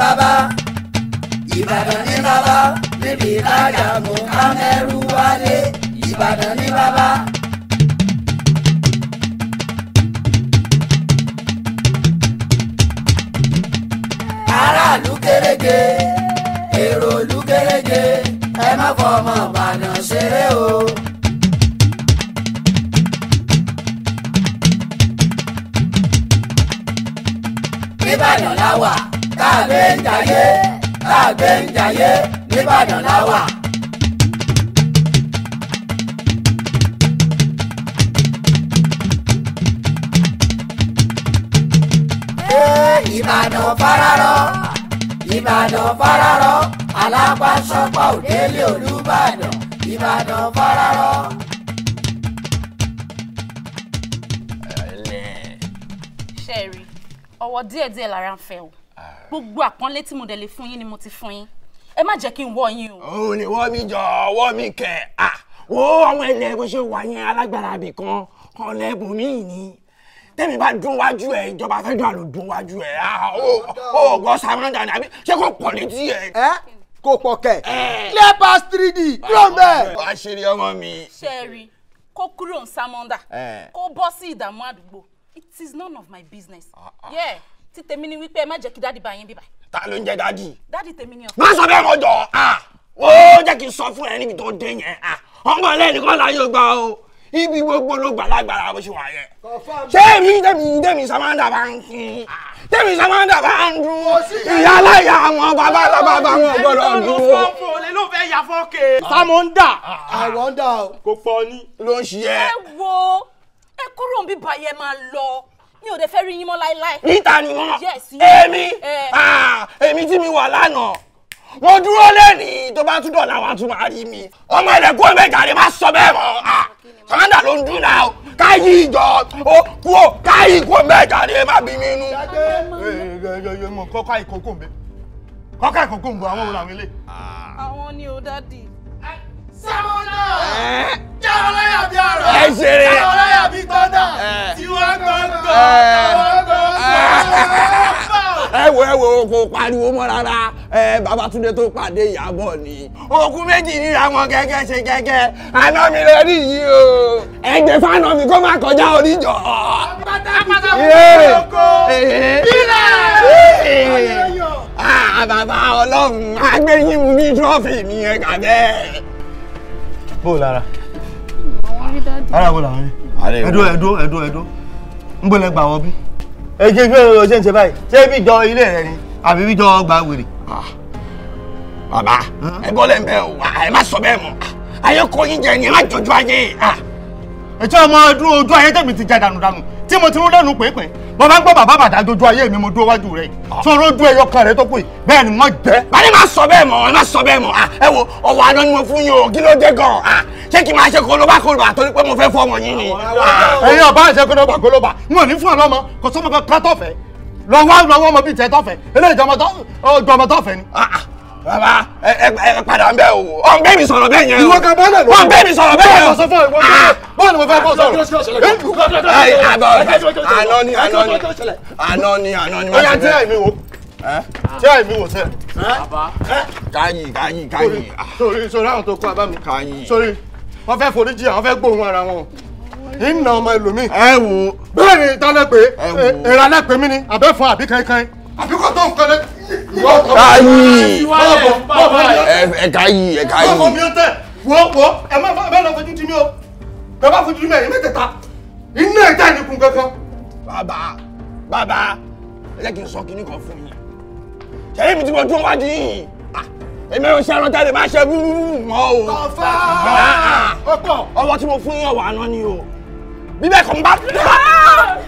bàbá ìbàdàn ní bàbá níbi ìtajà mú amẹ́rú wálé ìbàdàn ní bàbá. aráàlú kéréje èrò òlú kéréje ẹ má fọmọ Ìbàdàn ṣeré o. Ìbàdàn la wà tá a gbé ń jayé tá ń jayé nìbàdàn láwà. ìbàdàn fararọ ìbàdàn fararọ alápàṣọpọ òdélé olùbàdàn ìbàdàn fararọ. ṣe rí ọwọ́ díẹ̀díẹ̀ lára ń fẹ́ o gbogbo àpọ́nlé tí mo dẹ̀ lè fún yín ni mo ti fún yín ẹ má jẹ́ kí n wọ́ yín o. òun ni wọ́n mi jọ ọwọ́ mi kẹ̀ à wo àwọn ẹlẹ́ bó ṣe wà yẹn alágbára bì kan ọ̀lẹ́ bòmíì ni tẹ́mi bá dún wájú ẹ̀ ìjọba fẹ́jọ́ ló dún wájú ẹ̀ ó gbọ́ samanda ni àbí ṣé kò pọ̀ létí ẹ̀. ẹ kò pọ̀ kẹ̀ lepers 3d kúrò mẹ́. wàá ṣe rí ọmọ mi. ṣẹ́ẹ̀rì kó kúrò ń samanda kó bọ́ sí ìdààmú àdúgbò it is none of my business. Uh -uh. yeah ti tèmi ni wípé ẹ má jẹ́ kí dáàdì bá yín bíbá. ta ló ń jẹ dáàdì. dáàdì tèmi ni ọ. má sọ bẹ́ẹ̀ rọjò ó jẹ́ kí n sọ fún ẹ níbi tó dé yẹn ọmọ ẹlẹ́ni kọ́ láyé gbà ó ibi gbogbo ló gbà lágbára bó ṣe wà yẹ. ṣé mi tẹ̀mí tẹ̀mí samanda bá ń kún tẹ̀mí samanda bá ń dún ìyá aláya àwọn bàbá alábàbà wọn gbọ́dọ̀ dúró. olè ló fẹ́ ya fọ́ọ̀kẹ́. sámọ̀ ń dà. àwọn ń dà o. kò pọ̀ ni. ló ń ṣe é. ẹ wo ẹ kúrò ń bí bayẹ máa lọ mi ò dé fẹ́ rí yín mọ́ láéláé. níta ni wọn èmi eh. ah, èmi tí mi wà lánàá mo dúró lẹ́nìí tó bá tún dọ̀la wàá tún máa rí mi ọmọ ẹ̀lẹ́kùn ẹ̀mẹ́ta rẹ̀ má sọ bẹ́ẹ̀ mọ́ sọ́ńdà ah, ló ń dún náà káyì ìjọ ó kú ó káyì ìkó mẹ́ta rẹ̀ má bí mi nú. Eh, eh, kọ́kọ́ ìkókò ń bẹ kọ́kọ́ ìkókò ń bọ àwọn òun làwọn ilé. Ah. àwọn ni o dádì sàmọ́nà eh? jẹ́ ọlọ́yà bí ọ̀rọ̀ jẹ́ ọlọ́yà bí tọ́dà eh? tiwa gbọ̀ngàn eh? ẹ wo ẹ wo kò pariwo mọ́ rárá ẹ Babátúndé tó pàdé Ìyábọ̀ ni òkú méjì ríra wọn gẹ́gẹ́ ṣe gẹ́gẹ́ àná mi lè rí yìí o ẹgbẹ́ fáná mi kó má kọjá oníjọ. pátákó oko bílẹ̀. Ah, bàbá ọlọ́run agbẹ́yìn mú ní trọ́fì mi ẹ̀ kà bẹ́ẹ̀ bó lára ara wo làwọn rí ẹdó ẹdó ẹdó ẹdó ń gbọ́lẹ̀ gbà wọ́n bí. èjì gbé o ṣe ń ṣe báyìí ṣé ibi ìjọ ilé rẹ ni àbí ibi ìjọ ọgbà wèrè. Ah, bàbá ẹ bọ́lẹ̀ ń bẹ o ah, ẹ má sọ bẹ́ẹ̀ mọ́ ah, ayọ́kọ̀ yín jẹ ni ẹ má jọjú ayé. ẹ tí ọmọ ọdún ojú ayé tẹ̀mí ti jẹ dànù dànù tí mo ti rún lẹ́nu pèépè bọ́ bá ń gbọ́ bàbá bàdá dojú ayé mi mo dúró wájú rẹ̀ ah. tó rojú ẹyọ kan rẹ̀ tó pè bẹ́ẹ̀ ni wọ́n jẹ́. wọ́n ní má sọ bẹ́ẹ̀ mọ̀ má sọ bẹ́ẹ̀ mọ̀ ah, ẹ wo ọwọ́ àná ni mo fún yín o kí ló dé gan-an ah, ṣé kí n máa ṣe kólóbá torí pé mo fẹ́ fọ́ ọmọ yín ni. ẹ̀yin ọba ṣe kólóbá n ò ní fún ọlọ́mọ kò sọ́mọ kan kátọ́fẹ̀ẹ́ lọ́wọ́ lọ́wọ́ ọmọ bíi tẹ́ tọ́fẹ̀ẹ́ eléyìí bàbá ẹ ẹ padà ń bẹ o ọ ń bẹ mi sọ̀rọ̀ bẹ́ẹ̀ yẹn o ìwọ kan bọ́ọ̀lù lọ ọ ń bẹ mi sọ̀rọ̀ bẹ́ẹ̀ yẹn o bọ́ọ̀lù fẹ́ bọ́ọ̀lù mo fẹ́ bọ́ọ̀lù. àná ni àná ni àná ni àná ni. ó yá àìmí wo jẹ́ àìmí wo sẹ́. káyìn káyìn káyìn. sori sori àwọn tó kó abá mi. káyìn. sori wọn fẹ́ foríjì àwọn fẹ́ gbóhùn ara wọn ìnà ọmọ ẹlòmíì. ẹ wo. bẹ́ẹ̀ ni ìtàlẹ́ pé ìrànlẹ́ pé mí ni àbẹ́fọ́ àbí kankan àbíkọ́ tó ń kọ́lé. káyì ẹ káyì ẹ káyì. bọ́ọ̀bù mi ó tẹ̀ wọ́ wọ́ ẹ má fọ́ bẹ́ẹ̀ lọ fojú di mi o bẹ́ẹ̀ bá fojú di mi ẹ̀yin mẹ́tẹ̀ẹ̀ta iná ẹ̀dá ìníkun kankan. bàbá bàbá ẹ jẹ́ kí n sọ kinní kan fún mi ṣẹ́yìn mi ti mọ̀ dún wájú yìí ah, èmi ò ṣe ẹran tẹ́lẹ̀ máa ṣe búrúrú mọ́ o. kọfẹ́ ọkọ ọwọ́ tí mo fún yàn wà náà ni o bíbẹ̀ kò ń bá.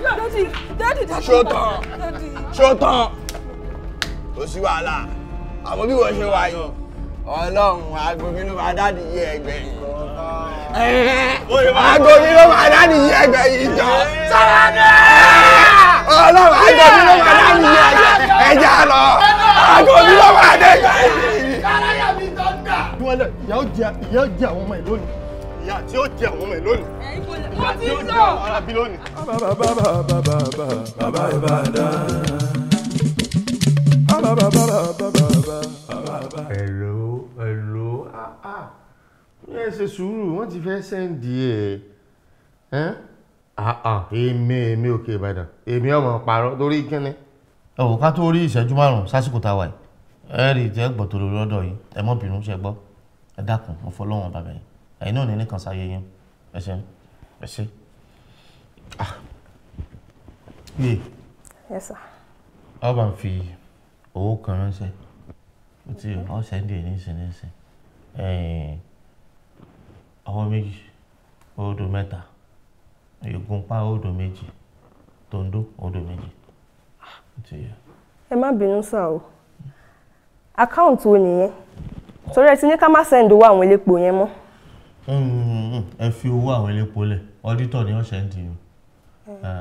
dadi dadi dadi. ṣó tán ṣó tán kò sí wàhálà àmọ́ bí wọ́n ṣe wà ọlọ́run agomi ló dáàdì yí ẹgbẹ́ yìí agomi ló dáàdì yí ẹgbẹ́ yìí jọ sọ́wọ́dẹ́ ọlọ́run agomi ló dáàdì yí ẹgbẹ́ ẹja lọ agomi ló dáàdì yí ẹgbẹ́ yìí. ìyá ò jẹ àwọn ọmọ ẹ lónìí ìyá tí ó jẹ àwọn ọmọ ẹ lónìí. ìyá tí ó jẹ àwọn ọmọ ẹ lónìí. bàbá bàbá bàbá bàbá bàbá ìbàdàn hello hello ah ah ẹ ṣe sùúrù wọ́n ti fẹ́ sẹ́ǹdì e. ẹ̀ ah ah èmi èmi òkè ìbàdàn èmi ọmọ parọ́ torí kíni. ọ̀wọ́ ká tó rí ìṣẹ́jú márùn-ún sásìkò tá a wà yìí ẹ rí ìjẹ́ gbọ̀tòrò lọ́dọ̀ yìí ẹ mọ́ bínú ṣe gbọ́ ẹ dákun mo fọ́ lọ́wọ́n bàbá yìí ẹ̀yin náà ní nìkan sáyé yín ẹ ṣe ẹ ṣe. Ah. yé ọ ń fi owó kan ránṣẹ́ ó ti ọ̀sẹ̀ ń dè nísinsìnyí ọwọ́ méjì odò mẹ́ta ìgúnpá odò méjì tòǹdó odò méjì ó ah, ti yẹ. ẹ má bínú sá o àkáǹtì wo nìyẹn torí ẹ ti ní ká má sẹ́ǹdì owó àwọn elépo yẹn mọ́. Hmm, hmm, hmm. ẹ fi owó àwọn elépo lẹ̀ ọ́dítọ̀ ni ọ̀sẹ̀ ń dì í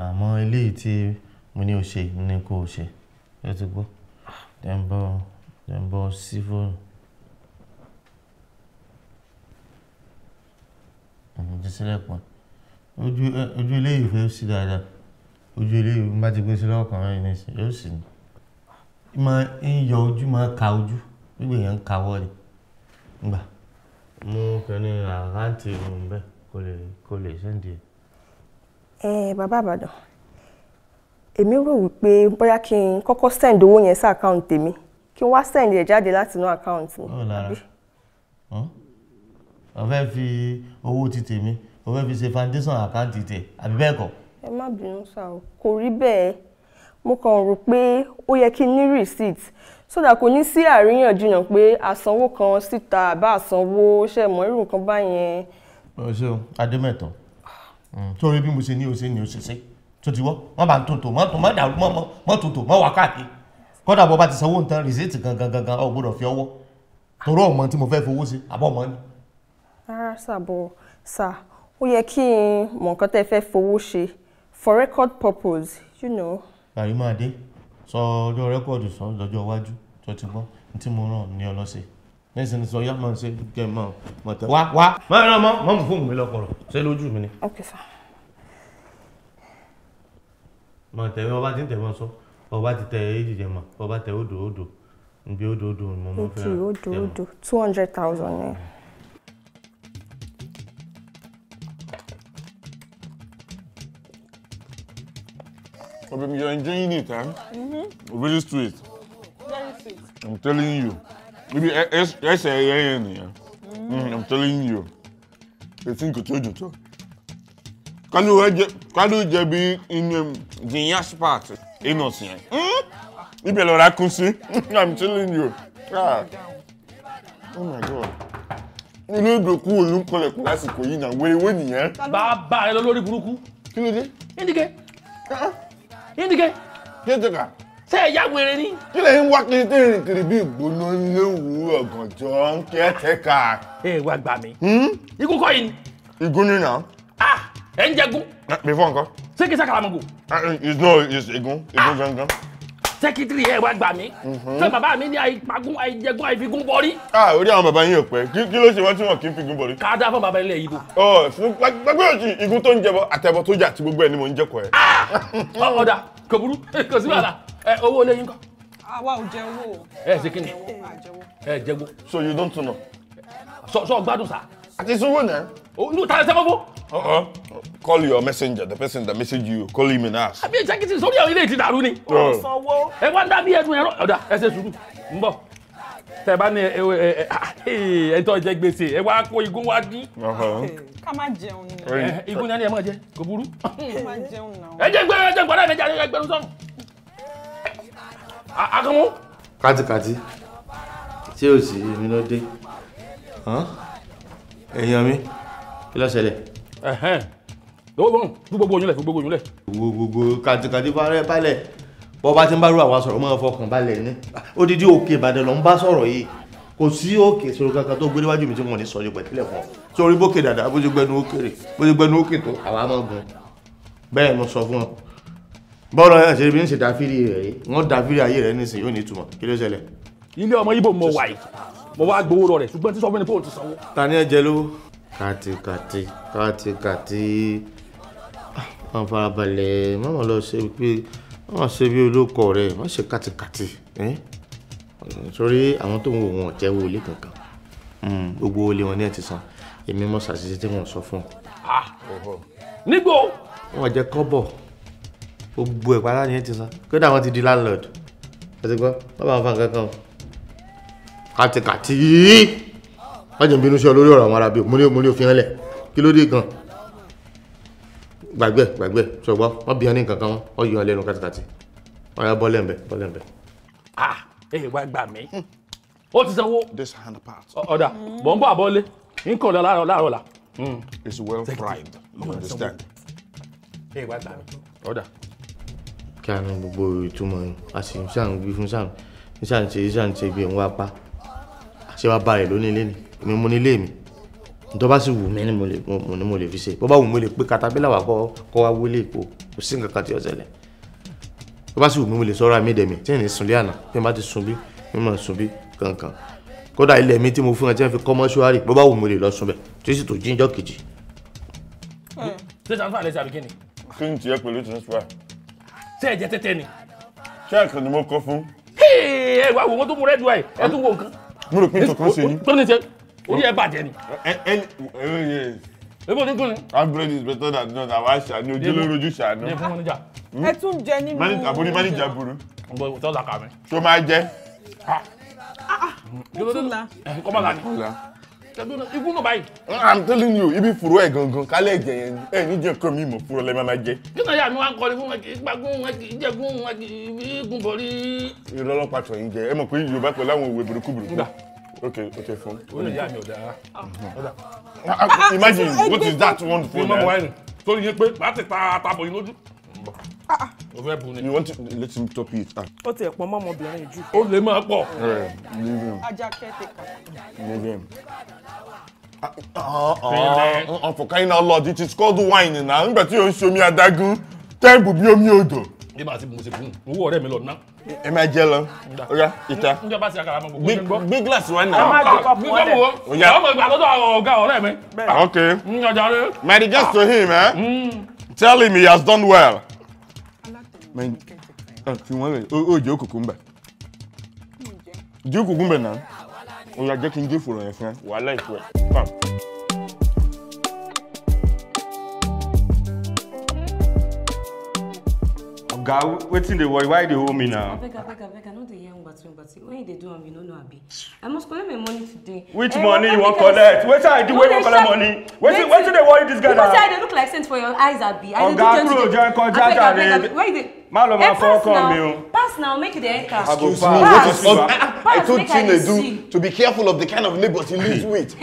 àmọ́ eléyìí tí mo ní o ṣe ni kò ṣe ẹ ti gbọ́. Den bør, den bør civil. Mo ti sílẹ̀ pọ̀. Ojú ojú eléyìí fẹ́ sí dáadáa. Ojú eléyìí bá ti gbé sí lọ́kàn rẹ̀ ní ìsìn yóò sì ní. Máa ń yọ ojú máa ka ojú gbígbé yẹn ń kawọ́ rẹ̀. Ngbà. mo kẹ́ni àkáǹtì ìrùn bẹ́ẹ̀ kó lè kó lè ṣéǹdì ẹ̀. Ẹ bàbá Ìbàdàn èmi rò wípé bóyá kí n kọ́kọ́ send owó yẹn sí account tèmi kí n wá send ẹ̀ jáde láti inú account mi. ó lára hm? o fẹ́ fi owó ti tèmi o fẹ́ fi ṣe foundation account tẹ àbí bẹ́ẹ̀ kọ́. ẹ má bínú sá o kò rí bẹ́ẹ̀ mo kàn rò pé ó yẹ kí n ní receipt sódà kò ní sí àríyànjiyàn pé àsanwó kan síta àbá àsanwó ṣe mọ irú nǹkan báyẹn. ọ̀ṣun adémẹ̀tọ̀ torí hm, bí mo ṣe ní o ṣe ní o ṣe ṣe tó ti wọ́ wọ́n bá ń tòǹtò mọ́ tòǹtò mọ́ dàrú mọ́ tòǹtò mọ́ wákàtí kọ́dà bọ́ bá ti sanwó nǹkan rìsíìtì gangan gangan ò gbọ́dọ̀ fi ọwọ́ torí ọmọ tí mo fẹ́ fowó sí àbọ̀ mọ́ ni. rárá sàbọ̀ sà ó yẹ kí n mọ̀ nǹkan tẹ́ fẹ́ fowó ṣe for record purpose you know. àyè máa dé sọ ọjọ́ rẹ́kọ̀dù sọ lọ́jọ́ iwájú tó ti gbọ́ tí mo ràn ní ọlọ́sẹ̀ nísìnyí sọ yá máa ń ṣe kẹ́ máa mọ̀ tẹ́ wá wá máa ràn mọ́ mọ́ mú fóònù mi lọ́kọ̀ọ̀rọ̀ ṣé lójú mi ni. okay sir mọ tẹ̀wé ọba ti ń tẹ̀wé sọ ọba ti tẹ èjì jẹ mọ ọba tẹ odò odò nbí odò odò mo mọ fẹ́ràn tẹ̀wé. odò odò two hundred thousand naira. Obim, you're enjoying it, huh? Mm-hmm. Really sweet. Very sweet. telling you. Maybe that's eh, eh, a eh, yeah. Mm-hmm. Mm, I'm telling you. Ètí nǹkan tí ó dùn tó kálú jẹ bí inú the yash part anus yẹn ibẹ̀ lọ́ra kú sí i'm telling you ah. oh my god inú ìdòkú olùkọlẹ̀kùn lásìkò yìí náà wéwé nìyẹn. E? bàbá rẹ lọ lórí burúkú. kí ló dé. yíndíkẹ́ yíndíkẹ́. Ah, ah. kí ló dé kà tẹ ẹ yá wèrè ni. kí lè ń wá kiri tẹ ìrìn kiri bí ìgbóná léwu ọ̀gànjọ́ ń kẹ́ tẹ́ka. ẹ wá gbà mí. Hmm? ikú kọ́ yìí ni. igun nínà. ah ẹ̀ ń jẹgún. before ah, nǹkan. ṣé kì í sàkàràmùgù. Ah, eh, eh, no it's egun egun ah. gangan. sẹ́kítírì ẹ̀ wá gbà mí. Mhm. ṣé bàbá mi ní àìpagún àìjẹgún àìfigún bọ́rí. a orí àwọn bàbá yín ò pẹ́ kí ló ṣe wọ́n tí wọ́n kì í figún bọ́rí. ká dá fún bàbá ilé yìí bò. ọ oh, fún gbàgbé òjì igun tó ń jẹbọ àtẹbọ tó jà àti gbogbo ẹ ni mò ń jẹkọ ẹ. ọ̀dà kò burú kò sí wàhálà owó lẹ́yìn kọ́. àwa ò jẹ owó. ẹ ṣe so you don't know. So so gbádùn sáà àti sùúrù náà. Oh, no, tell about. Uh-uh. Call your messenger, the person that messaged you, call him and ask. Àbí ẹja kìtì sórí àwọn ilé ti dàrú ni. Uh-huh. Ọ̀sánwó. Ẹ wá ń dá bí ẹnu ẹ̀rọ ọ̀dà ẹsẹ̀ sùúrù ń bọ̀. Tẹ bá ní ẹtọ́ jẹ gbèsè ẹ wá kó igun wá dí. Uh-huh. Ká má jẹun náà. Igun náà ni ẹ má jẹ, kò burú. Ká má jẹun náà. Ẹ jẹ́ gbẹ́rẹ́ ẹ jẹ́ gbọ́dọ̀ ẹ jẹ́ gbẹ́rẹ́ sọ́run. Akamu. Kátikàti, ṣé o sì rí mi ló dé? èèyàn mi kí ló ṣẹlẹ̀. gbogbo oyún lẹ gbogbo oyún lẹ. gbogbo kàtìkàtì balẹ̀ bọ́ bá ti ń bá rú àwa sọ̀rọ̀ mọ́ fọkàn balẹ̀ ní odidi òkè Ìbàdàn ló ń bá sọ̀rọ̀ yìí kò sí òkè sọ̀rọ̀ kankan tó gbé níwájú mi tí wọ́n ní sọ nípa ìpínlẹ̀ fún ọ sórí bókè dàda bó ti gbẹnu òkèrè bó ti gbẹnu òkè tó àwa máa gun bẹ́ẹ̀ mo sọ fún ọ bọ́ọ̀lù ọ̀yà ṣe bí ń ṣe dáfírí rẹ̀ yìí wọ́n dáfírí ayé rẹ̀ nísìnyí yóò ní ìtumọ̀ kí ló ṣẹlẹ̀. ilé ọmọ ibo mo wà yìí mo wá gbowó rọ rẹ̀ ṣùgbọ́n tí sọ fún mi pé òun ti sanwó. ta ni ẹ jẹ lówó. kàtìkàtì kàtìkàtì ah, máa farabalẹ̀ máa lọ ṣe pé máa ṣe bí olóko rẹ̀ máa ṣe kàtìkàtì torí eh? àwọn tó ń wò wọn jẹ́ wọlé kankan hmm, gbogbo olè wọn ni ẹ ti san èmi mọ ṣàṣìṣe tí wọn sọ fún ọ. Ah, nígbò. wọn jẹ kọ́bọ̀ gbogbo ẹ̀ pátá ni ẹ ti san kódà wọn ti di landlord ẹ ti gbọ́ bàbá wọn fa nǹkan kan o kàtìkàtì májèm bínú sí ọ lórí ọ̀rọ̀ àwọn arábí mo ní mo ní òfin ẹlẹ̀ kí ló dé gan gbàgbẹ́ gbàgbẹ́ sọgbọ́ wọ́n bí ọ ní kankan wọ́n yọ ọ lẹ́nu kàtìkàtì wọ́n yà bọ́lẹ̀ ńbẹ bọ́lẹ̀ ńbẹ. ah ẹ wá gbà mí ó ti sanwó ọ̀dà bọ̀ ń bọ̀ àbọ̀lé ń kàn láàárọ̀ láàárọ̀ la. Hmm. it's well fried you understand. ẹ wá gbà mí ọ̀dà kí a ní gbogbo ìtumọ̀ yìí a sì ń sàn gbí fún sàn ń sàn ṣe ń sàn ṣé wàá bá rẹ̀ lónìí ilé ni èmi mo ní ilé mi tó bá sì wù mí ni mo lè fi ṣe bó bá wù mí lè pé katapila wà kọ́ wá wọlé èkó kò sí nǹkan kan tí ó ṣẹlẹ̀ tó bá sì wù mí mo lè sọ́ra mi dẹ̀mí tí ìní sunlé àná tí mo bá ti sun bí mi mọ̀ sun bí kankan kódà ilẹ̀ mi tí mo fún ẹ tí wọ́n fi kọ́ mọ́ṣúárì bó bá wù mí lè lọ sun bẹ̀ tí ó sì tó jíjọ́ kejì. ṣé ṣàǹfà àlẹ́ ṣàbí kíni. kí n tiẹ̀ pẹ̀lú tí n sùn wá. ṣé ẹ̀jẹ̀ tẹ́tẹ́ ni. ṣé ẹ̀kan ni mo kọ fún mo rò pé nǹkan ṣe yín. tó ní ṣe orí ẹ bàjẹ́ ni. ẹ ẹ ẹ ebo ní kúnni. half bread is better than none àwa ṣàánú ojúlórí ojú ṣàánú. ẹ fún mọ́níjà. Hmm? ẹ tún jẹ nínú. àbórí mọ́níjà burú. ọ̀bọ̀ ìwòsàn làkà mi. ṣó máa jẹ. Ah, ah, ó tún la. kọ́mọ̀lá ni ikú náà báyìí. Ah, i'm telling you ibi fúru ẹ gangan kálẹ̀ ẹ̀jẹ̀ yẹn ni ẹ̀ níjẹ̀ kan mi mọ̀ fúru lẹ́ẹ̀ máa jẹ. kíkan yà mí wá ń kọrin fún wákì gbàgún wákì ìjẹ̀gún wákì ìgún bọ̀rí. irọ́ ọlọ́pàá tó yín jẹ ẹ mọ̀ pé yorùbá pẹ̀lú àwọn òwe burúkú burúkú. ok ok fún. ó lè yá mi ọ̀dà rárá. imagine what is that wonderful. torí yẹn pé màá ti ta àtàbọ̀ yìí lójú you want to let him top it. Ah. ó ti ẹ̀pọ̀n mọ́mọbìnrin jù. ó lè máa pọ̀. Eh, leave him. ajá kẹ́tẹ̀ka. leave him. Ah, ah, mm, mm, for crying out lord, it is called wine na nígbà tí o ń ṣe omi adágún tẹ́ǹbù bí omi odò. nígbà tí mo ṣe fún un owó ọ̀rẹ́ mi lọ ná. ẹ máa jẹ lọ ọ̀rá ìta gbé gíláàsì wa náà. gbé gbọ́mù wo ọmọ ìgbà lọ́dọ̀ ọ̀gá ọ̀rẹ́ mi. Okay. ǹjọ́ jàre. my regards to him eh? mm. tell him he has done well. Ah, fi wọ́n rẹ̀ ó jẹ́ cucumber jẹ́ cucumber náà ó yà jẹ́ kí n jẹ́ fòrò yẹn fún ẹ wàhálà ìfọ̀ ẹ̀ pam. ọ̀gá wetin dey worry why you dey hold me now. abeg abeg abeg but when they do am you no know abi i must collect my money today which eh, money you wan collect wetin i do Where you collect money Where? wetin wetin they worry This guy na because i dey look like saint for your eyes abi i dey do gentle oga kuro join call jaja re ma lo ma fọ ọkàn pass now make you dey enter excuse me what is up i told chine do to be careful of the kind of neighbors he live with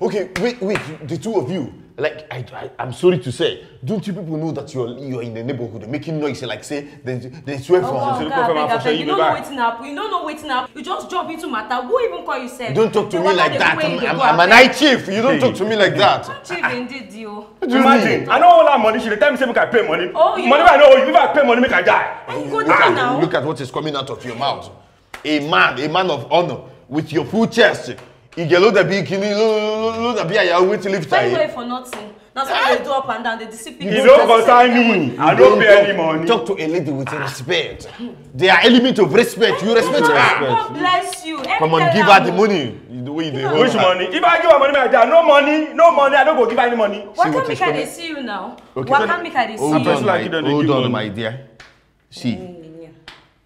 okay wait wait the two of you like I, I am sorry to say, don't you people know that you're you're in the neighborhood making noise like say they they swear oh, from oh, God, beg, beg, you don't know waiting up, you don't know waiting up, you just jump into matter. Who even call you self? Don't talk to me like that. I'm, an eye chief. You don't talk to me like that. Chief indeed, you. Imagine, I know all that money. She the time say make I pay money. Oh, you money I know. If oh, I pay money, make I die. Ah, look at what is coming out of your mouth. A man, a man of honor, with your full chest ìjẹ ló dàbí kíní ló dàbí àyàwó wey ti lift ayé. anyway for nothing na so they do up and down they deceive people. e don't concern me i don't pay any money. talk to a lady with respect they are element of respect you respect her. God bless you. come on give her the money the way you hold her. which money if i give her money my dad no money no money i no go give her any money. waka make i dey see you now waka make i dey see you. hold on hold on my dear see mm,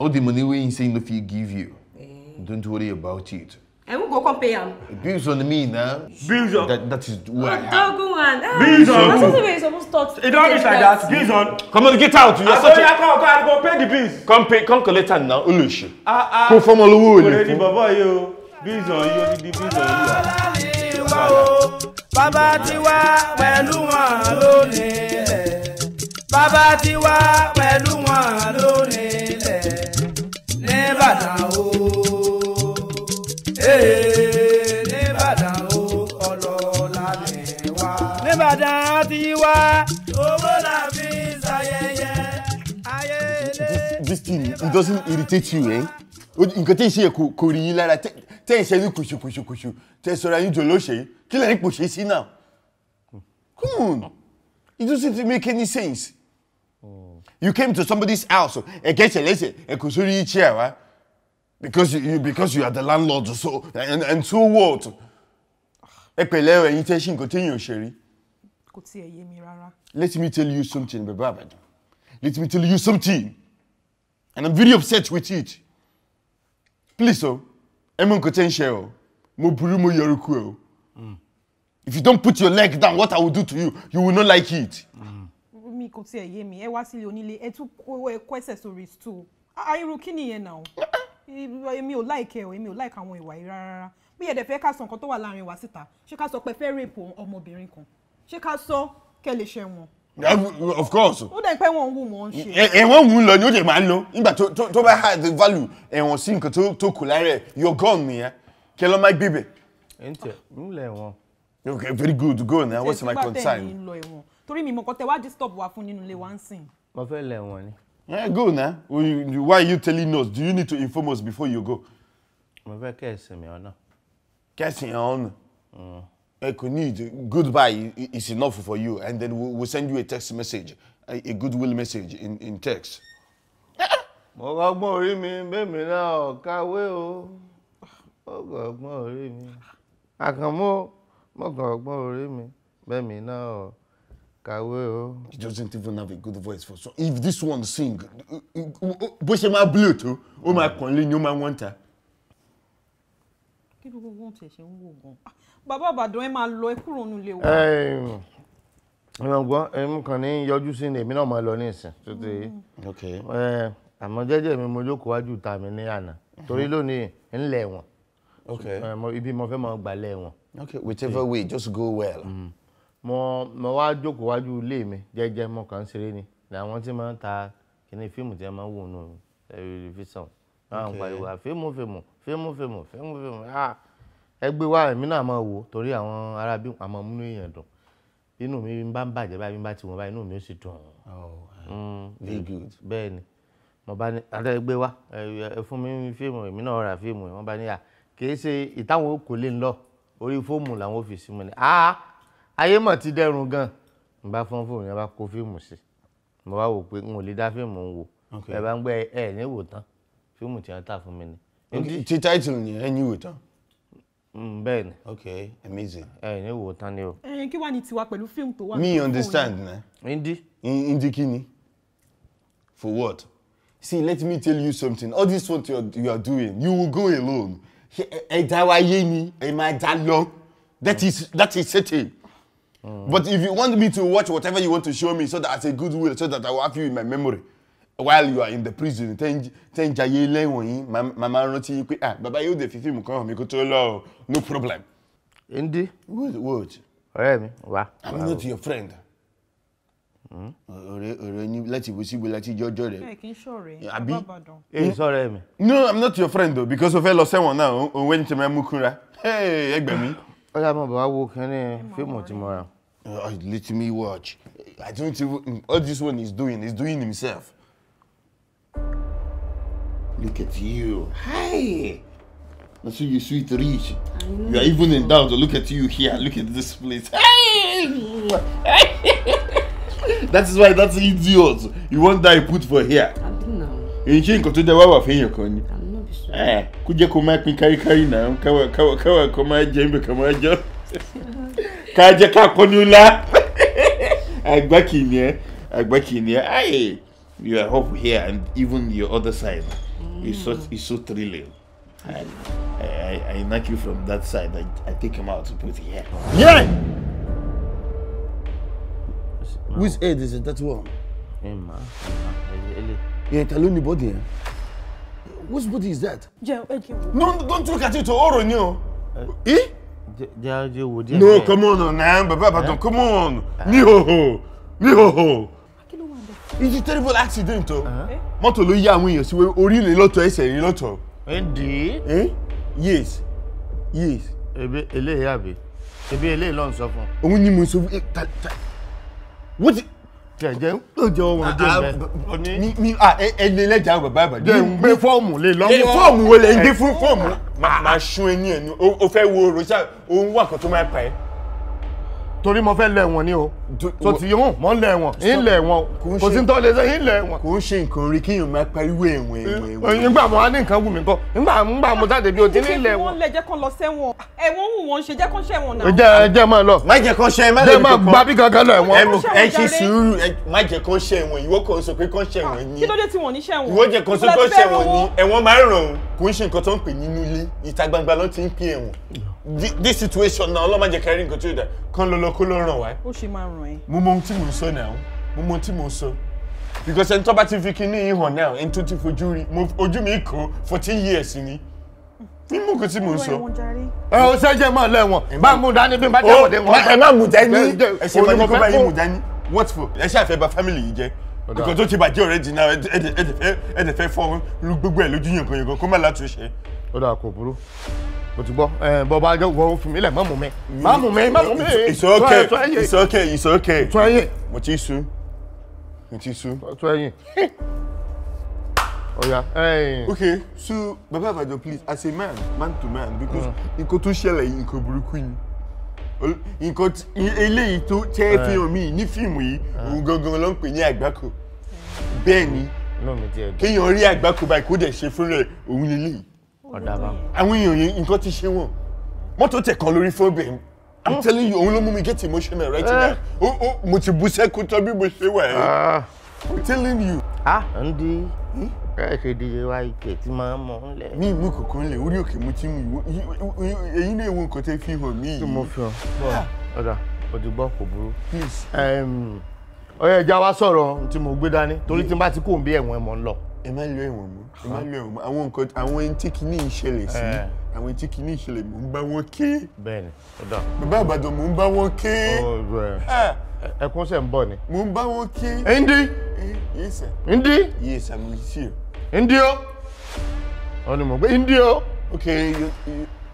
all the money wey he say he no fit give you eh. don't worry about it. And who go come pay am? Bills on me now. Bills on. That, that is where I oh, am. Dogu one. Ah, bills on. That's something where supposed to talk. It don't reach like that. Bills on. Come on, get out. You're such a. Come, come, go pay the bills. Come pay, come collect am now. Olushi. Ah ah. Come form Oluwo. Already, Baba yo. Bills on. You already bills on you. Bàbá ti wá pẹ̀lú wọn lónìí lẹ̀. Bàbá ti wá pẹ̀lú wọn lónìí lẹ̀. Ní Ìbàdàn o nìbàdàn ó ọlọ́lá lẹ̀ wá. nìbàdàn á ti yí wá. owó la fi ṣayẹyẹ ayẹyẹ. this thing it doesn't irritate you eh? nǹkan tí ń ṣe kò rí yín lára tẹ́ ń ṣe ní kùṣùkùṣùkùṣù tẹ́ sọ̀rọ̀ ayé jò lóṣèlú kí lẹ́yìn pòṣè sí náà come on it doesn't make any sense. Hmm. You came to somebody's house, ẹ kẹsẹ̀ lẹ́sẹ̀, ẹ kò sórí chair wa because you, you because you are the landlord so and and so what ẹ pẹ̀lẹ́ ẹ̀yin tẹ́ ṣe nǹkan téèyàn kò tiẹ̀ yé mi rárá. let me tell you something bàbá àbàdàn let me tell you something and i'm very upset with it please o oh, ẹ mọ nǹkan tẹ́ o oh, mo buru mo yọrù kú o oh. mm. if you don't put your leg down what i will do to you you will not like it. Mm. mi kò tiẹ̀ yé mi ẹ wá sílé onílé ẹ tún kó ẹsẹ̀ sórí stool irú kí nìyẹn náà èmi ò láìkẹ́ ọ̀ èmi ò láìka àwọn ìwà yìí rárá bí ẹ̀dẹ̀ fẹ́ ká sọ nǹkan tó wà láàrin wa síta ṣé ká sọ pé fẹ́ rèpò ọmọbìnrin kan ṣé ká sọ kẹ́ lè ṣẹ̀wọ̀n. of course. ó dẹ̀ pé wọ́n ń wù wọ́n ń ṣe. ẹ̀wọ̀n wù ú lọ ni ó dẹ̀ máa ń lọ nígbà tó bá high value ẹ̀wọ̀n sí nǹkan tó kù lára your gun nìyẹn kẹ́ lọ́ máa gbébẹ̀. ẹ̀ ń tẹ̀ ń lẹ̀ wọ́n. okay very good go now what's my concern. Yeah, go now. Why are you telling us? Do you need to inform us before you go? Mo fẹ́ kẹ̀sìn mi ọ̀nà. Kẹ̀sìn ọ̀nà. Mm. Ẹ kò need goodbye is enough for you and then we'll, we'll send you a text message, a, a goodwill message in, in text. Mo kàwé he doesn't even have a good voice for song if this one sing bó ṣe máa blue tó ó máa kàn lé ni ó máa wọ́n ta. kí ló wọ́n tiẹ̀ ṣe ń wò gan bàbá àbàdàn ẹ máa lọ ẹ kúrò nílé wa. ìrànwọ́ ẹ̀mú kan ní yọjú sí ni èmi náà máa lọ ní ìsìn tó ti yé mm. àmọ́ jẹ́jẹ́ mi mo jókòó wájú ta mi ní àná torí mm-hmm. lónìí ńlẹ̀ wọn ibi mo fẹ́ mọ gbàlẹ̀ wọn. okay whichever way just go well. Mm mo mo wá jókòó wájú ilé mi jẹ́jẹ́ mo kàn ń ṣeré ni làwọn tí máa ń ta kíní fíìmù tí wọ́n máa ń wò nù eh, tẹlifíṣàn náà ń pariwo fíìmù fíìmù fíìmù fíìmù fíìmù fíìmù ah ẹgbẹ́ wa èmi náà máa wò torí àwọn ará bí àmọ́ múnú èèyàn dùn inú mi ń bá ń bàjẹ́ báyìí ń bá ti wọ́n báyìí inú mi ó sì dùn. Oh, mm, bẹ́ẹ̀ ni mo bá ní adé ẹgbẹ́ wa ẹ fún mi fíìmù èmi náà ra fíìmù wọ́n bá ní à kì í ṣe ìtàwọn òkòlé ńlọ orí fóòmù làwọn ò fi sí mu ni ah ayé mọ̀ ti dẹrùn gan n bá fọ́n fóònù yẹn bá kó fíìmù sí mo bá wò pé n ò lè dá fíìmù wò ẹ bá ń gbé ẹ ní wò tán fíìmù tí wọ́n tà fún mi ni. ti title ni ẹ ní wò tán. Mm, bẹ́ẹ̀ ni. ok amazing. ẹ ní wò tán ni o. ẹ kí wàá ní tiwa pẹ̀lú fíìmù tó wà. me understand na. indi. indi kí for what see let me tell you something all this what you are, doing you will go alone ẹ dá wa yé ni ẹ máa dá lọ that is that is certain. Mm. But if you want me to watch whatever you want to show me, so that as a good will, so that I will have you in my memory while you are in the prison ten ń jayé lẹ́wọ̀n yín màmá rántí pé ah baba yóò dé fi fíìmù kan hàn mí kó tó lọ o no problem. Ndí. Word word. Ọ̀rẹ́ mi wa? I'm not your friend. Hmm? Ọ̀rẹ́ ọ̀rẹ́ ní láti wo síbo láti jọ́jọ́ rẹ̀. Ẹ kì í ṣọ̀rẹ́ àbí èyí sọ̀rẹ́ mi. No I'm not your friend o because o fẹ́ lọ sẹ́wọ̀n náà òun wẹ́n ti máa mú kúnra ẹgbẹ̀mí ó dà mọ̀ bá wo kínní fíìmù tí mo ra. Ah, let me watch i don't even all this one is doing He's doing himself. look at you hi na so you sweet reach you are even in doubt look at you here look at this place hey that is why that idiot you wan die put for here. nṣe nǹkan tó dé wá wà fẹ́yìn kan ni. Eh, kuja kumaki karikari na kawa kawa kawa kama jembe kama jo. Kaje ka konyula. Agba kinye, agba kinye. Aye, you are hope here and even your other side. Mm. It's so is so thrilling. I, I, I, I knock you from that side. I, I take him out to put here. Yeah! Whose head is it? That one? Emma. Emma. Yeah, tell anybody. Eh? Whose body is that? Jẹ́ ẹ No, don't look at it o, oh, ọ̀rọ̀ ni Eh? Ẹ́. Eh? Jẹ́ ẹ jẹ́ No, come on eh, na, bàbá Ìbàdàn, eh? come on. Ní hòhò, ní hòhò. It's a terrible accident o. Oh. Mọ́tò ló yí àwọn èèyàn sí orí ilé lọ́tọ̀ ẹsẹ̀ ilé lọ́tọ̀. Ẹ̀dì. Ẹ́ yes yes. Ebe eléyìí àbí? Ebe eléyìí ló ń sọ fún. Òun ni mo Ta ta. What? jẹjẹ lójó wọn jẹ mẹ ni ni a ẹni lẹjà bàbá ìbàdí jẹun gbé fọọmù lè lọ́wọ́ fọọmù wo lè ń gbé fún fọọmù. màá sun ẹni ẹni o fẹ́ wo rosa òun wà kó tó máa pa ẹ́ torí mo fẹ́ lẹ̀ wọ̀n ni o tó ti hùn mọ́ lẹ̀ wọ̀n ń lẹ̀ wọ̀n o kò sí tó lè ṣe ń lẹ̀ wọ̀n. kò ń ṣe nǹkan rí kíyàn máa pa irú ẹ̀wọ̀n ẹ̀wọ̀n. nígbà mo wá ní nǹkan wù mí kọ nígbà nígbà mo jáde bí o ti ní lẹ̀ wọ́n lè jẹ́ lọ sẹ́wọ̀n ẹ̀wọ̀n wù wọ́n ṣe jẹ́ kán ṣẹ̀wọ̀n náà. jẹ́ jẹ́ máa lọ. má jẹ́ kán ṣe ẹ má lè kọ́ ẹ ṣe sùúrù má jẹ́ kán ṣẹ̀wọ̀n ìwọ kan sọ pé kán ṣẹ̀wọ̀n ni. kí tí wọ́n ní ṣẹ̀wọ̀n. ìwọ jẹ́ kan sọ pé kán ṣẹ̀wọ̀n ni ẹ̀wọ̀n máa ń rọrùn kò ń ṣe nǹkan tó ń pè nínú ilé ìta gbangba ló ti ń pín ẹ̀wọ̀n this situation náà ọlọ́mọ jẹ́ kẹrin nǹkan tí ó dẹ̀ kán ló lọ kó ló ràn wá. ó ṣe máa ràn ẹ́. mo mọ ohun tí mò ń sọ náà mo mọ ohun tí mò ń sọ because ẹni tó bá ti fi kinní yìí hàn náà ẹni tó ti fojú rí ojú mi kò fourteen years ni mímú kò tí mò ń sọ. ẹ o ṣe jẹ́ mọ́ lẹ́wọ̀n bá mú dání bí n bá jẹ́ òde wọn. ẹ má mú dání ẹ ṣe bá nípa yín mú dání what for ẹ ṣe àfẹ́ bà family yìí jẹ́ nǹkan tó ti bàjẹ́ already náà ẹ dẹ̀ fẹ́ fọ́ gbogbo ẹ̀ lójú yẹn kan yẹn kan kó má látúnṣe. ó dà kò burú o ti gbọ́ bọ bá jẹ wọ fún mi lẹ má mú mi má mú mi má mú mi. it's okay it's okay it's okay. mo ti sú mo ti sú. tún ẹ̀yìn. oya. okay so baba abajo please as a man man to man because mm. nǹkan tó ṣẹlẹ̀ yìí nǹkan burúkú ni nǹkan eléyìí tó tẹ́ fi hàn mí ní fíìmù yìí òun gangan ló ń pè ní àgbákò bẹ́ẹ̀ ni kéèyàn rí àgbákò báyìí kó dẹ̀ ṣe fúnra ẹ̀ òun lélẹ́yìí ọ̀dà bá. àwọn èèyàn yìí nǹkan ti ṣe wọn mọ́tò tẹ̀ kan lórí fóbè i'm telling you òun ló mú mi get emotional right eh. now mo ti bu sẹ́kù tán bí mo ṣe wà ẹ́ ah. i'm telling you. a ń di ẹ ṣe di wa ike tí máa mọ ń lẹ. mi ìmú kankan lè orí òkè mo ti mú ìwọ èyí ni èwo nǹkan tẹ fi hàn mí yìí. mo fi hàn bọ ọ̀dà òdìgbọ́ kò burú. please. ìjà wa sọ̀rọ̀ tí mo gbé dání torí tí n bá ti kó ń bí ẹ̀wọ̀n ẹ̀ mọ̀ ń lọ ẹ má lo ẹ̀wọ̀n mọ́ ẹ má lo ẹ̀wọ̀n mọ́ àwọn nǹkan àwọn ẹni tí kìíní ìṣẹ̀lẹ̀ sí eh. àwọn ẹni tí kìíní ìṣẹ̀lẹ̀ mò ń bá wọn ké. bẹ́ẹ̀ni ó dà. bàbá àbàdàn mò ń bá wọn ké. Oh, eh. ẹkún ṣe ń bọ̀ ni. mò ń bá wọn ké. ndí. Eh, yes sir. ndí. yes sir mi sí o. ndí o. ọ ni mo gbé ndí o. ok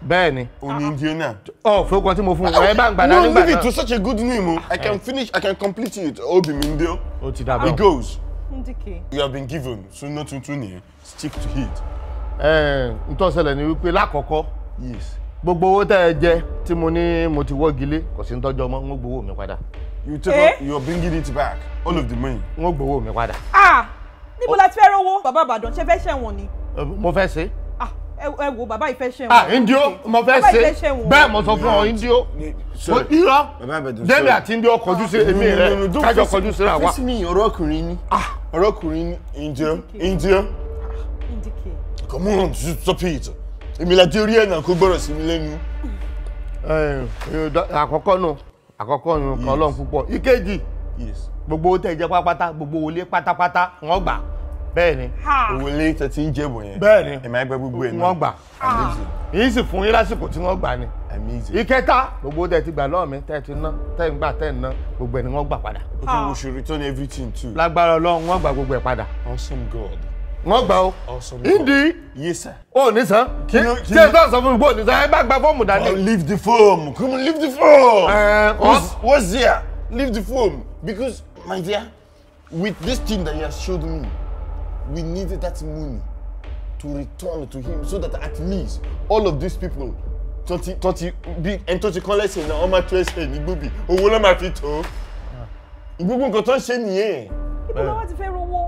bẹ́ẹ̀ni. o ni ndí o náà. ọ fowópamọ́ tí mo fún un ẹ bá ń gbàdá nígbà náà. no leave it to such a good name o oh. i can finish i can complete it obi mi ndí o. o ti dàbọ̀. it goes ndike. you have been given so suna to nìyẹn stick to it. Eh, n tó ṣẹlẹ̀ ni wípé lákọ̀ọ́kọ́ yes. gbogbo owó tẹ́ ẹ jẹ tí mo ní mo ti wọ́gi lé kò sí ń tọ́jú ọmọ ń gbowó mi padà. you take eh? you are bringing it back all of the money. ń gbowó mi padà. ah níbo la ti fẹ́ rówó bàbá àbàdàn ṣe fẹ́ ṣẹ̀wọ̀n ni. mo fẹ́ ṣe. ah ẹ wo bàbá ìfẹ́ ṣẹ̀wọ̀n. ah indio mo fẹ́ ṣe bẹ́ẹ̀ mo sọ fún ọ indio mo irọ́ jẹ́mi àti indio kọjú sí ah, èmi rẹ kájọ kọjú síra wa. fífi mi ọ̀rọ̀ ni. ah ọ̀rọ̀kùnrin India India come on stop it èmi láti orí ẹ̀nà kó gbọ́rọ̀ sí mi lẹ́nu. gbogbo tẹ̀ jẹ́ pátápátá gbogbo wọlé pátápátá wọ́n bẹ́ẹ̀ni. owó ilé tẹ ti ń jẹ̀bù yẹn. bẹ́ẹ̀ni ìmọ̀ ẹgbẹ́ gbogbo ẹ̀ náà wọ́n gbà. yìí sì fún yín lásìkò tí wọ́n gbà ni. ìkẹta gbogbo tẹ ti gbà lọ́wọ́ mi tẹ ti ná tẹ ń gbà tẹ ń ná gbogbo ẹ̀ ni wọ́n gbà padà. o tún wo ṣe return everything too. lágbára Ọlọ́run wọ́n gbà gbogbo ẹ̀ padà. awesome God. wọ́n gbà o. awesome God indi. yes sir. o ní san. kí ẹ tó sọ fún mi bó ní san ẹ bá gba fọ́ọ̀mù dání. Oh, leave the form come on leave the form. what's, what's there leave the form because my dear with this thing that you have showed me We need that money to return to him so that at least all of these people tọ́tí tọ́tí bí ẹni tó ti kán lẹ́sẹ̀ náà wọ́n máa tó ẹsẹ̀ ní gbòbí owó ló máa fi tó gbogbo nǹkan tó ń ṣe nìyẹn. ibi ló ti fẹ́ rówó.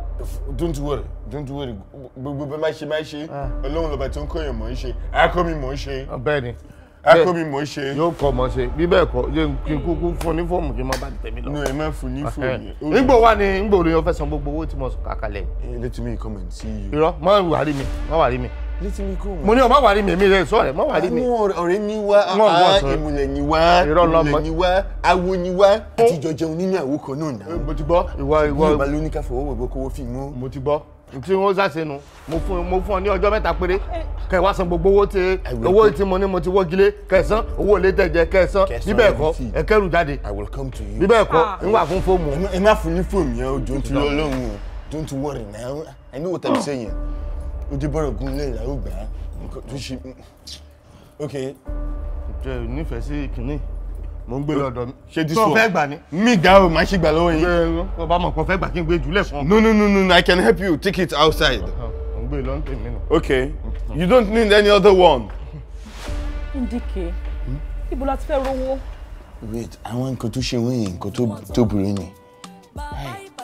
don't worry don't worry gbogbo bẹ́ẹ̀ máa ṣe máa ṣe ah. ọlọ́run lọ́ba tó ń kọ́yàn mọ̀ ń ṣe àákọ́ mi mọ̀ ń ṣe. ọbẹ̀ ni ẹ kó mi mò ń ṣe. yóò kọ mọ ṣe bí bẹ́ẹ̀ kọ jẹ́ kí n kúkú fún ní fọ́ọ̀mù kí n má bá tèmi lọ. nù ẹ má fún ní fọ́ọ̀mù. nígbò wà ní nígbò olóyún fẹ́ san gbogbo owó tí mo sọ kàkàlẹ̀. let me come and see you. irọ́ má wà rí mi má wà rí mi. let me come. mo ní ọ má wà rí mi èmi rẹ sọ rẹ má wà rí mi. àwọn ọ̀rẹ́ ni wá ìmùlẹ̀ ni wá ìmùlẹ̀ ni wá awo ni wá àtijọ́ jẹun nínú àwo kan náà. mo ti gbọ́ ìwà ìwà. mo ti gbọ́ tí wọ́n ṣàṣenu mo fún mo fún ọ ní ọjọ́ mẹ́ta péré kẹ san gbogbo owó tí owó tí mo ní mo ti wọ́gilé kẹsàn owó ilé tẹ̀jẹ̀ kẹsàn bíbẹ̀ ẹ̀kọ́ ẹ̀kẹ́rù jáde bíbẹ̀ ẹ̀kọ́ ah. ń wà fún fóònù. ẹ má fún ní fóònù yẹn ojú ti lọ lóhùn o don't worry now i know what i'm ah. saying o ti bọ̀rọ̀ gun lé ìyàwó gbà tó ṣe ok. ǹjẹ́ o nífẹ̀ẹ́ sí kìnnìún mo ń gbé lọ́dọ̀ mi ṣé dis one tó fẹ́ gbà ni. mi ga o máa ṣe gbà lọ́wọ́ yín. o bá mọ̀ pé fẹ́ gbà kí n gbé jùlẹ̀ fún ọ. no no no no i can help you take it outside. mo ń gbé lọ́n tèmi nù. okay you don't need any other one. ndike ibo la ti fẹ́ rówó. wait àwọn nǹkan tó ṣe wọ́nyẹn nǹkan tó burú ni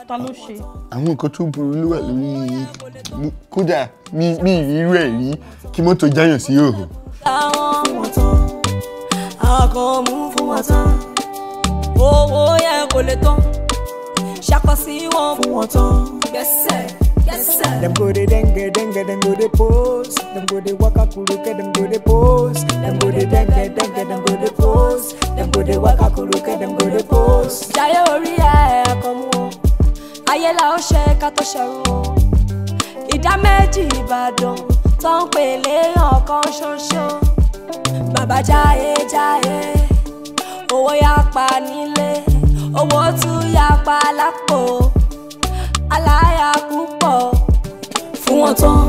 ta ló ṣe. àwọn nǹkan tó burú ló wà lórí kódà mi ìrírú ẹ̀ rí kí mọ́tò jáyàn sí òhò. àwọn ọmọ tó àkàn mú fún wọn tán owó yẹ kò lè tán ṣàkọsí wọn fún wọn tán gbẹ́sẹ̀ gbẹ́sẹ̀. dem go dey denge denge dem go dey pose dem go dey waka kuruke dem go dey pose dem go dey denge denge dem go dey pose dem go dey waka kuruke dem go dey pose. jayé orí ẹ̀ àkàn mú o ayé la ó ṣe ká tó ṣẹrú ìdá méjì Ìbàdàn tó ń pèlè ọ̀kan ṣoṣo. Baba jaye jaye, owó yapa nílé owó tún yapa lápò aláya púpọ̀ fún wọn tán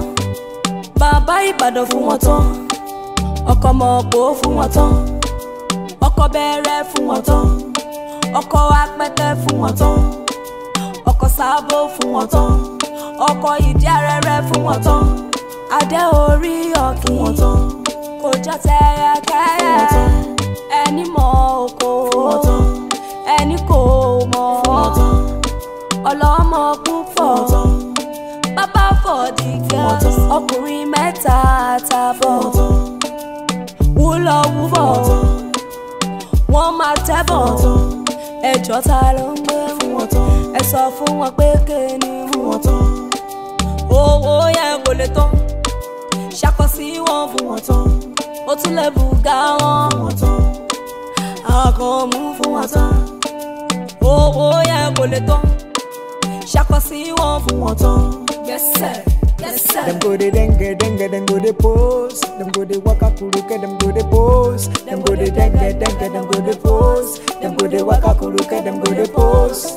bàbá Ìbàdàn fún wọn tán ọkọ mọ̀pọ̀ fún wọn tán ọkọ bẹ̀rẹ̀ fún wọn tán ọkọ apẹtẹ fún wọn tán ọkọ sábò fún wọn tán ọkọ ìdí arẹrẹ fún wọn tán adé orí ọ̀kìn fún wọn tán kò jọ tẹ́yẹkẹ́yẹ ẹni mọ̀ kò ẹni kò mọ̀ ọlọ́mọ púpọ̀ bàbá fọ̀dí girls ọkùnrin mẹ́ta àtàbọ̀ wúlọ̀ wúbọ̀ wọ́n máa tẹ́bọ̀ ẹjọ́ ta ló ń gbé ẹ sọ fún wọn pé kéènì owó yẹn kò lè tán ṣàkọsí wọn bù wọn tán ó tún lè bù ga wọn wọn tán àkọ́ mú fún wọn tán owó yẹn kò lè tán ṣàkọsí wọn bù wọn tán. yes sir yes sir. dem go dey denge denge dem go dey pose dem go dey waka kuruke dem go dey pose dem go dey denge denge dem go dey pose dem go dey waka kuruke dem go dey pose.